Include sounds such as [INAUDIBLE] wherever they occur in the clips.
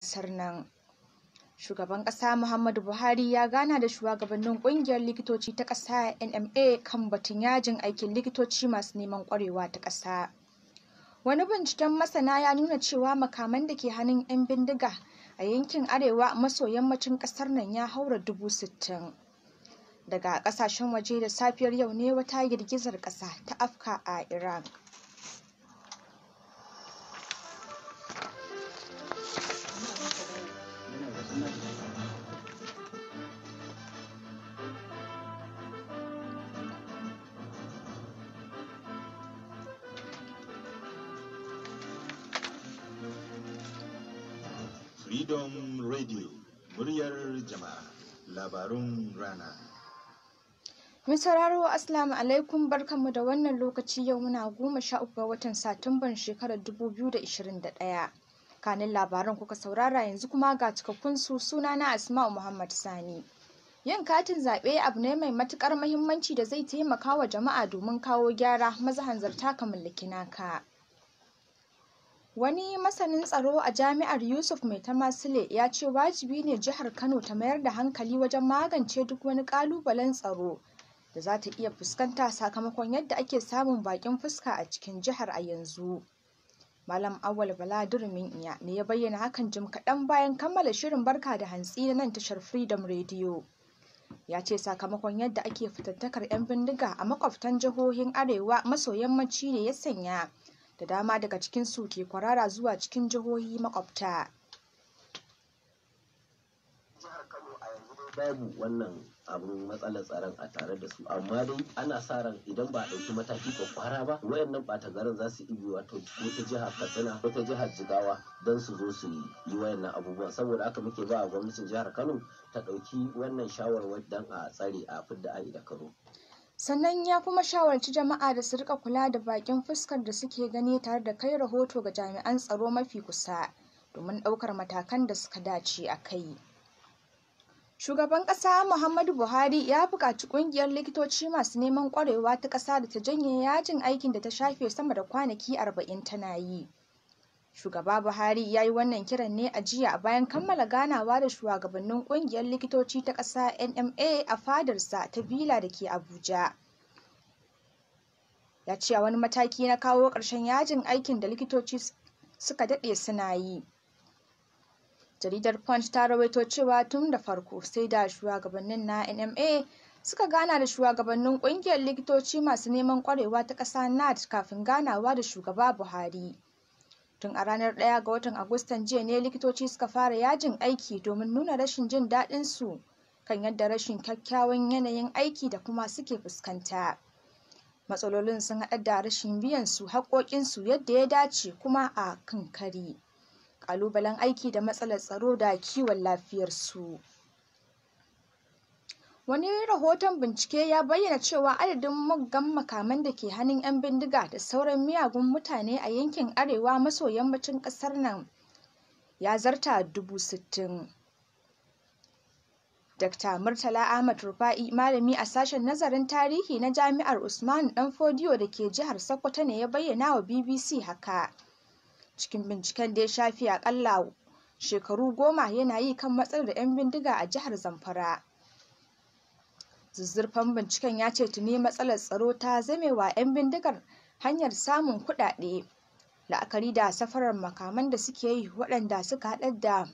kasar nan. Shugaban ƙasa Muhammadu Buhari ya gana da shugabannin ƙungiyar likitoci ta ƙasa NMA kan batun yajin aikin likitoci masu neman ƙwarewa ta ƙasa. Wani binciken masana ya nuna cewa makaman da ke hannun 'yan bindiga a yankin arewa maso yammacin ƙasar nan ya haura dubu sittin. Daga ƙasashen waje da safiyar yau ne wata girgizar ƙasa ta afka a Iran. Freedom Radio, muryar jama'a, labarun rana. Mai sauraro Assalamu alaikum barkanmu da wannan lokaci yau muna goma sha uku ga watan Satumban shekarar dubu biyu da da ɗaya. kanin labaran kuka saurara yanzu kuma ga cikakkun su suna na asma'u muhammad sani yin katin zaɓe abu ne mai matuƙar muhimmanci da zai taimaka wa jama'a domin kawo gyara maza hanzarta ka mallaki naka Wani masanin tsaro a jami'ar Yusuf Mai ta Tamasile ya ce wajibi ne jihar Kano ta mayar da hankali wajen magance duk wani ƙalubalen tsaro da za ta iya fuskanta sakamakon yadda ake samun baƙin fuska a cikin jihar a yanzu. Malam Awal Bala Durmin Iya ne ya bayyana hakan jim kaɗan bayan kammala shirin barka da hantsi na nan tashar Freedom Radio. Ya ce sakamakon yadda ake fitattakar 'yan bindiga a makwabtan jihohin Arewa maso yammaci ne ya sanya da dama daga cikin su ke kwarara zuwa cikin jihohi makwabta. samu wannan abun matsalar tsaron a tare da su amma dai ana sa ran idan ba a ɗauki mataki kwakwara ba wayannan ɓata garin za su iya wato wata jiha katsina wata jihar jigawa don su zo su yi wayannan abubuwan saboda haka muke ba gwamnatin jihar kano ta ɗauki wannan shawarwar don a tsare a fidda ayi da karo sannan ya kuma shawarci jama'a da su rika kula da bakin fuskar da suke gani tare da kai rahoto ga jami'an tsaro mafi kusa domin ɗaukar matakan da suka dace a kai. Shugaban ƙasa Muhammadu Buhari ya buƙaci ƙungiyar likitoci masu neman ƙwarewa ta ƙasa da ta janye yajin aikin da ta shafe sama da kwanaki arba'in tana yi. Shugaba Buhari ya yi wannan kiran ne a jiya bayan kammala ganawa da shugabannin ƙungiyar likitoci ta ƙasa NMA a fadarsa ta Vila da ke Abuja. Ya ce wani mataki na kawo ƙarshen yajin aikin da likitoci suka daɗe suna yi. jaridar punch ta rawaito cewa tun da farko sai da shugabannin na nma suka gana da shugabannin kungiyar likitoci masu neman kwarewa ta ƙasa nad kafin ganawa da shugaba buhari tun a ranar 1 ga watan agustan jiya ne likitoci suka fara yajin aiki domin nuna rashin jin daɗin su kan yadda rashin kyakkyawan yanayin aiki da kuma suke fuskanta matsalolin sun haɗa da rashin biyan su su yadda ya dace kuma a kan kari ƙalubalen aiki da matsalar tsaro da kiwon lafiyarsu. Wani rahoton bincike ya bayyana cewa adadin muggan makaman da ke hannun 'yan bindiga da sauran miyagun mutane a yankin arewa maso yammacin ƙasar nan ya zarta dubu sittin. Dr. Murtala Ahmad Rufa'i malami a sashen nazarin tarihi na Jami'ar Usman Danfodiyo da ke jihar Sokoto ne ya bayyana wa BBC haka. cikin binciken da ya shafi akalla shekaru goma yana yi kan matsalar 'yan bindiga a jihar zamfara zuzzurfan binciken ya ce tuni matsalar tsaro ta zamewa 'yan bindigar hanyar samun kuɗaɗe la'akari da safarar makaman da suke yi waɗanda suka haɗar da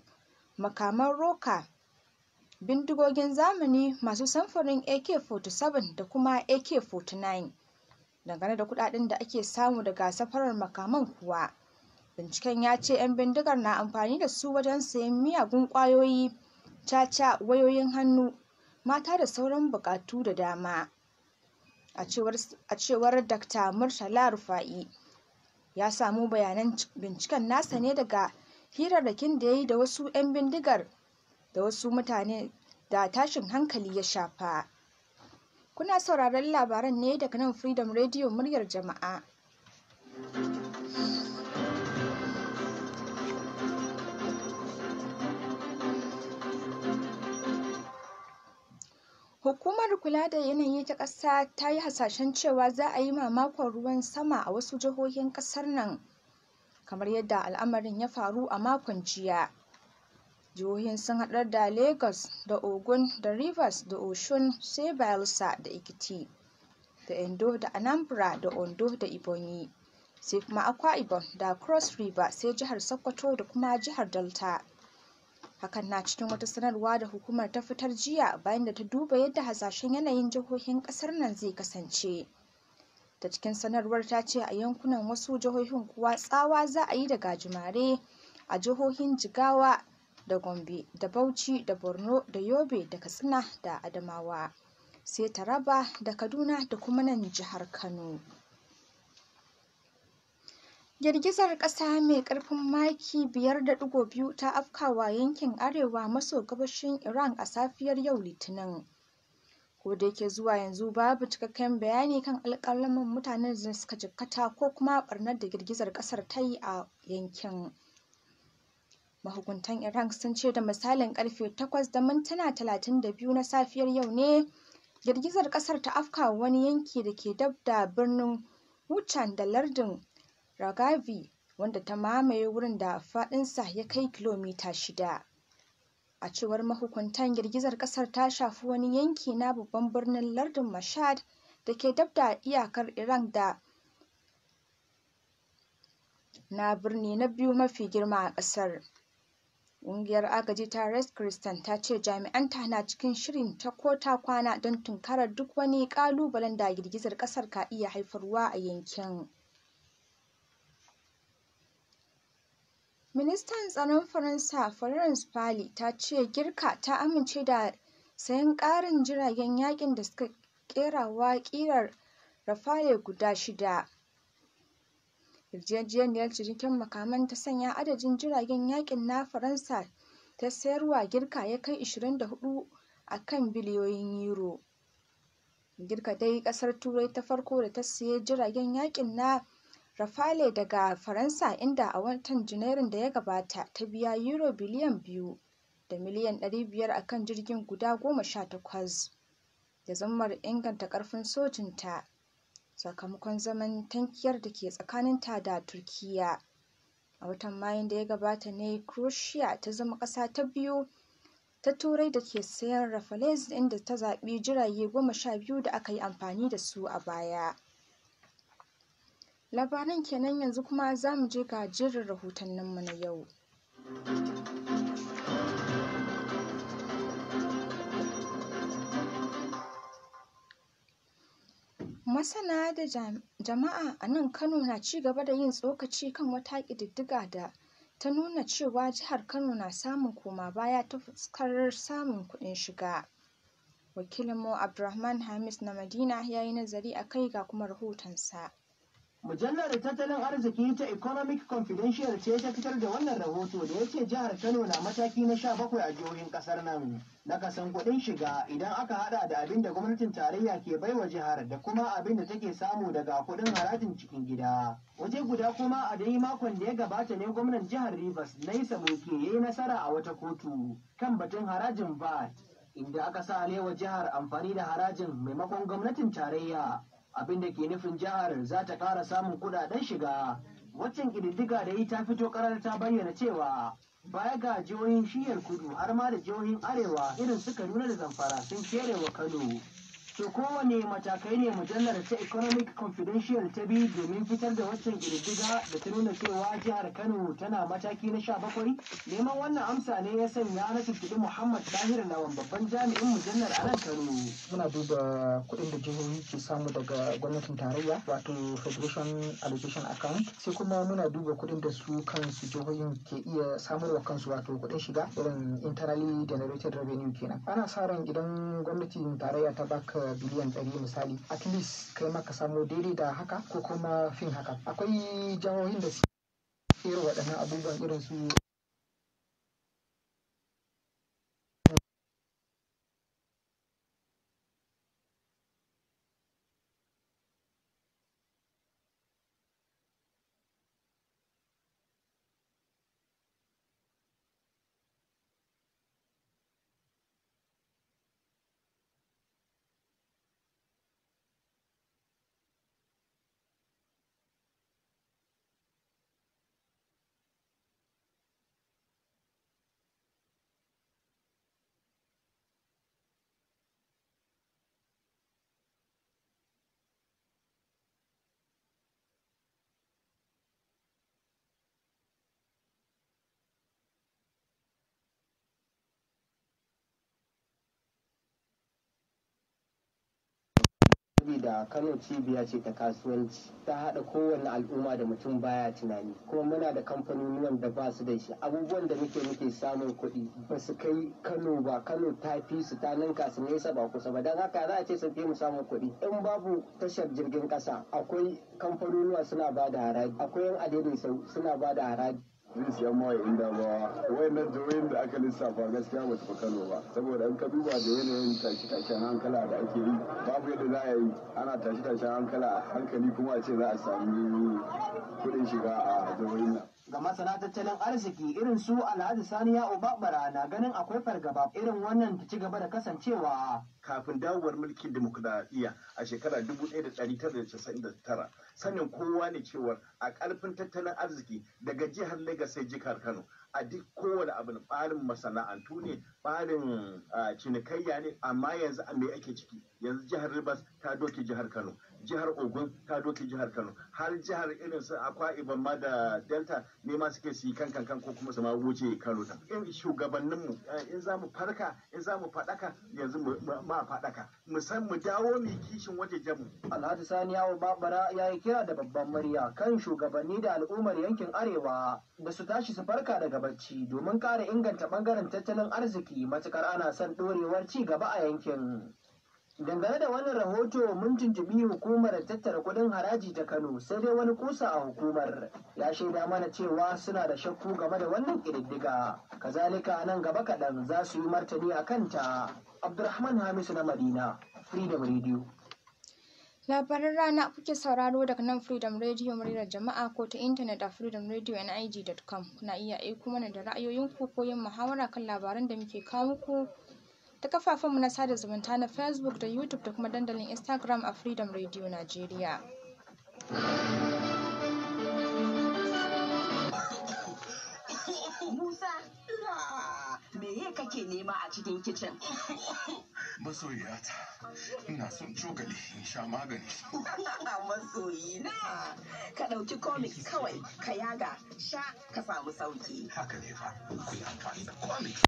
makaman roka bindigogin zamani masu samfurin ak-47 da kuma ak-49 dangane da kuɗaɗen da ake samu daga safarar makaman kuwa Binciken ya ce 'yan bindigar na amfani da su wajen sayen miyagun ƙwayoyi, caca, wayoyin hannu, mata da sauran bukatu da dama. A cewar Dr. Murtala Rufa'i, ya samu bayanan binciken nasa ne daga hirarrakin da ya yi da wasu 'yan bindigar da wasu mutane da tashin hankali ya shafa. Kuna sauraron labaran ne daga nan Freedom Radio muryar jama'a. Hukumar Kula da Yanayi ta Ƙasa ta yi hasashen cewa za a yi mamakon ruwan sama a wasu jihohin ƙasar nan, kamar yadda al'amarin ya faru a makon jiya. Jihohin sun haɗar da Lagos da Ogun da Rivers da Oshun, sai Bayelsa da Ekiti da Edo da Anambra da Ondo da Ebonyi, sai kuma Akwa Ibom da Cross River sai jihar Sokoto da kuma jihar Delta. hakan na cikin wata sanarwa da hukumar ta fitar jiya bayan da ta duba yadda hasashen yanayin jihohin kasar nan zai kasance ta cikin sanarwar ta ce a yankunan wasu jihohin kuwa tsawa za a yi da gajimare a jihohin jigawa da gombe da bauchi da borno da yobe da katsina da adamawa sai taraba da kaduna da kuma nan jihar kano Girgizar ƙasa mai ƙarfin maki 5.2 ta afkawa yankin arewa maso gabashin Iran a safiyar yau Litinin. Kodayake zuwa yanzu babu cikakken bayani kan alƙalamin mutanen da suka jikkata ko kuma ɓarnar da girgizar ƙasar ta yi a yankin. Mahukuntan Iran sun ce da misalin ƙarfe 8 da mintuna 32 na safiyar yau ne girgizar ƙasar ta afkawa wani yanki da ke dab da birnin Wuchan da lardin Ragavi, wanda ta mamaye wurin da faɗinsa ya kai kilomita shida. A cewar mahukuntan girgizar ƙasar ta shafi wani yanki na babban birnin lardin Mashhad da ke dab da iyakar Iran da na birni na biyu mafi girma a ƙasar. Ƙungiyar agaji ta Red Crescent ta ce jami'anta na cikin shirin ta ko ta kwana don tunkarar duk wani ƙalubalen da girgizar ƙasar ka iya haifarwa a yankin. Ministan Tsaron Faransa Florence Pali ta ce Girka ta amince da sayen ƙarin jiragen yaƙin da suka ƙerawa ƙirar Rafale guda shida. Yarjejeniyar cinikin makaman ta sanya adadin jiragen yaƙin na Faransa ta sayarwa Girka ya kai 24 a kan biliyoyin Euro. Girka dai ƙasar Turai ta farko da ta sayi jiragen yaƙin na Rafale daga Faransa inda a watan janairun da ya gabata ta biya Euro biliyan biyu da miliyan 500 a kan jirgin guda goma sha 18 da zammar inganta ƙarfin sojinta sakamakon zaman tankiyar da ke tsakaninta da Turkiyya. A watan Mayun da ya gabata ne Croatia ta zama ƙasa ta biyu ta Turai da ke sayan Rafales inda ta zaɓi jirage biyu da aka yi amfani da su a baya. Labaran kenan yanzu kuma za mu je ga jerin rahotanninmu na yau. Masana da jama'a a nan Kano na ci gaba da yin tsokaci kan wata ƙididdiga da ta nuna cewa jihar Kano na samun koma baya ta fuskar samun kuɗin shiga. Wakilinmu Abdulrahman Hamis na Madina ya yi nazari a kai ga kuma rahotonsa. mujallar tattalin arziki ta economic confidential ce ta fitar da wannan rahoto da ya ce jihar kano na mataki na sha bakwai a jihohin kasar nan na kasan kuɗin shiga idan aka hada da abin da gwamnatin tarayya ke baiwa jihar da kuma abin da take samu daga kuɗin harajin cikin gida waje guda kuma a dai makon da ya gabata ne gwamnan jihar rivers na yi saboke ya yi nasara a wata kotu kan batun harajin vat inda aka sa jihar amfani da harajin maimakon gwamnatin tarayya abin da ke nufin jihar za ta ƙara samun kudaden shiga waccan ƙididdiga da yi ta fito karar ta bayyana cewa baya ga jihohin shiyar kudu har ma da jihohin arewa irin su kaduna da zamfara sun kere wa kano su kowane matakai ne mujallar ta economic confidential ta bi domin fitar da waccan girgiza da ta nuna cewa jihar kano tana mataki na sha bakwai neman wannan amsa ne ya sanya na tuttuɗi muhammad tahir lawan babban jami'in mujallar a nan kano muna duba kuɗin da jihohi ke samu daga gwamnatin tarayya wato federation allocation account sai kuma muna duba kuɗin da su kansu jihohin ke iya samarwa kansu wato kuɗin shiga irin internally generated revenue kenan ana sa ran idan gwamnatin tarayya ta baka biliyan ɗari misali at least kai maka samu daidai da haka ko kuma fin haka akwai jihohin da su irin waɗannan abubuwan irin su da kano cibiya ce ta kasuwanci ta haɗa kowane al'umma da mutum baya tunani kuma muna da kamfanonuwan da ba su da shi abubuwan da muke muke samun kuɗi ba su kai kano ba kano ta fi su ta ninka su nesa ba kusa ba don haka za a ce sun fi mu samun kuɗi in babu tashar jirgin ƙasa akwai kamfanonuwa suna ba haraji akwai yan sau suna ba da haraji Idris ya mawa inda ba na jihohin da aka lissafa gaskiya ba su Kano ba saboda an ka duba da yanayin tashi tashen hankala da ake yi babu yadda za a yi ana tashi tashen hankala hankali kuma a ce za a sami kuɗin shiga a jihohin nan. ga masana tattalin arziki irin su alhaji saniya obabara na ganin akwai fargaba irin wannan ta ci gaba da kasancewa kafin dawowar mulkin demokuraɗiyya a shekara 1999 sanin kowa ne cewa a ƙarfin tattalin arziki daga jihar lagos sai jihar kano a duk kowane abin ɓarin masana'antu ne ɓarin ah, cinikayya ne amma yanzu a me ake ciki yanzu jihar rivers ta doke jihar kano jihar ogun ta doke jihar kano har jihar irin su akwa iban ma da delta ne ma suke su yi kan kankan ko kuma su ma wuce kano ta in shugabanninmu eh, in za mu farka in za mu fadaka yanzu ma faɗaka mu san mu dawo mu kishin waje jamu alhaji sani yawo babara ya yi kira da babban murya kan shugabanni da al'ummar yankin arewa da su tashi su farka daga bacci domin kare inganta bangaren tattalin arziki matukar ana son dorewar ci gaba a yankin Dangane da wannan rahoto mun tuntubi hukumar tattara kudin haraji ta Kano sai dai wani kusa a hukumar ya shaida mana cewa suna da shakku game da wannan ƙididdiga. Kazalika nan gaba kaɗan za su yi martani a kanta. Abdulrahman Hamisu na Madina, Freedom Radio. Labaran rana kuke sauraro daga nan Freedom Radio murira jama'a ko ta intanet a freedomradio.nig.com na iya aiko mana da ra'ayoyinku ko yin muhawara kan labaran da muke kawo muku ta kafafenmu na sada zumunta na Facebook da YouTube da kuma dandalin Instagram a Freedom Radio nigeria Musa, me ya kake nema a cikin kicin? ta ina son cokali in sha magani. [LAUGHS] Masoyi na, ka ɗauki komik kawai ka yaga sha ka samu sauki. Haka ne fa, ku yi amfani da komik.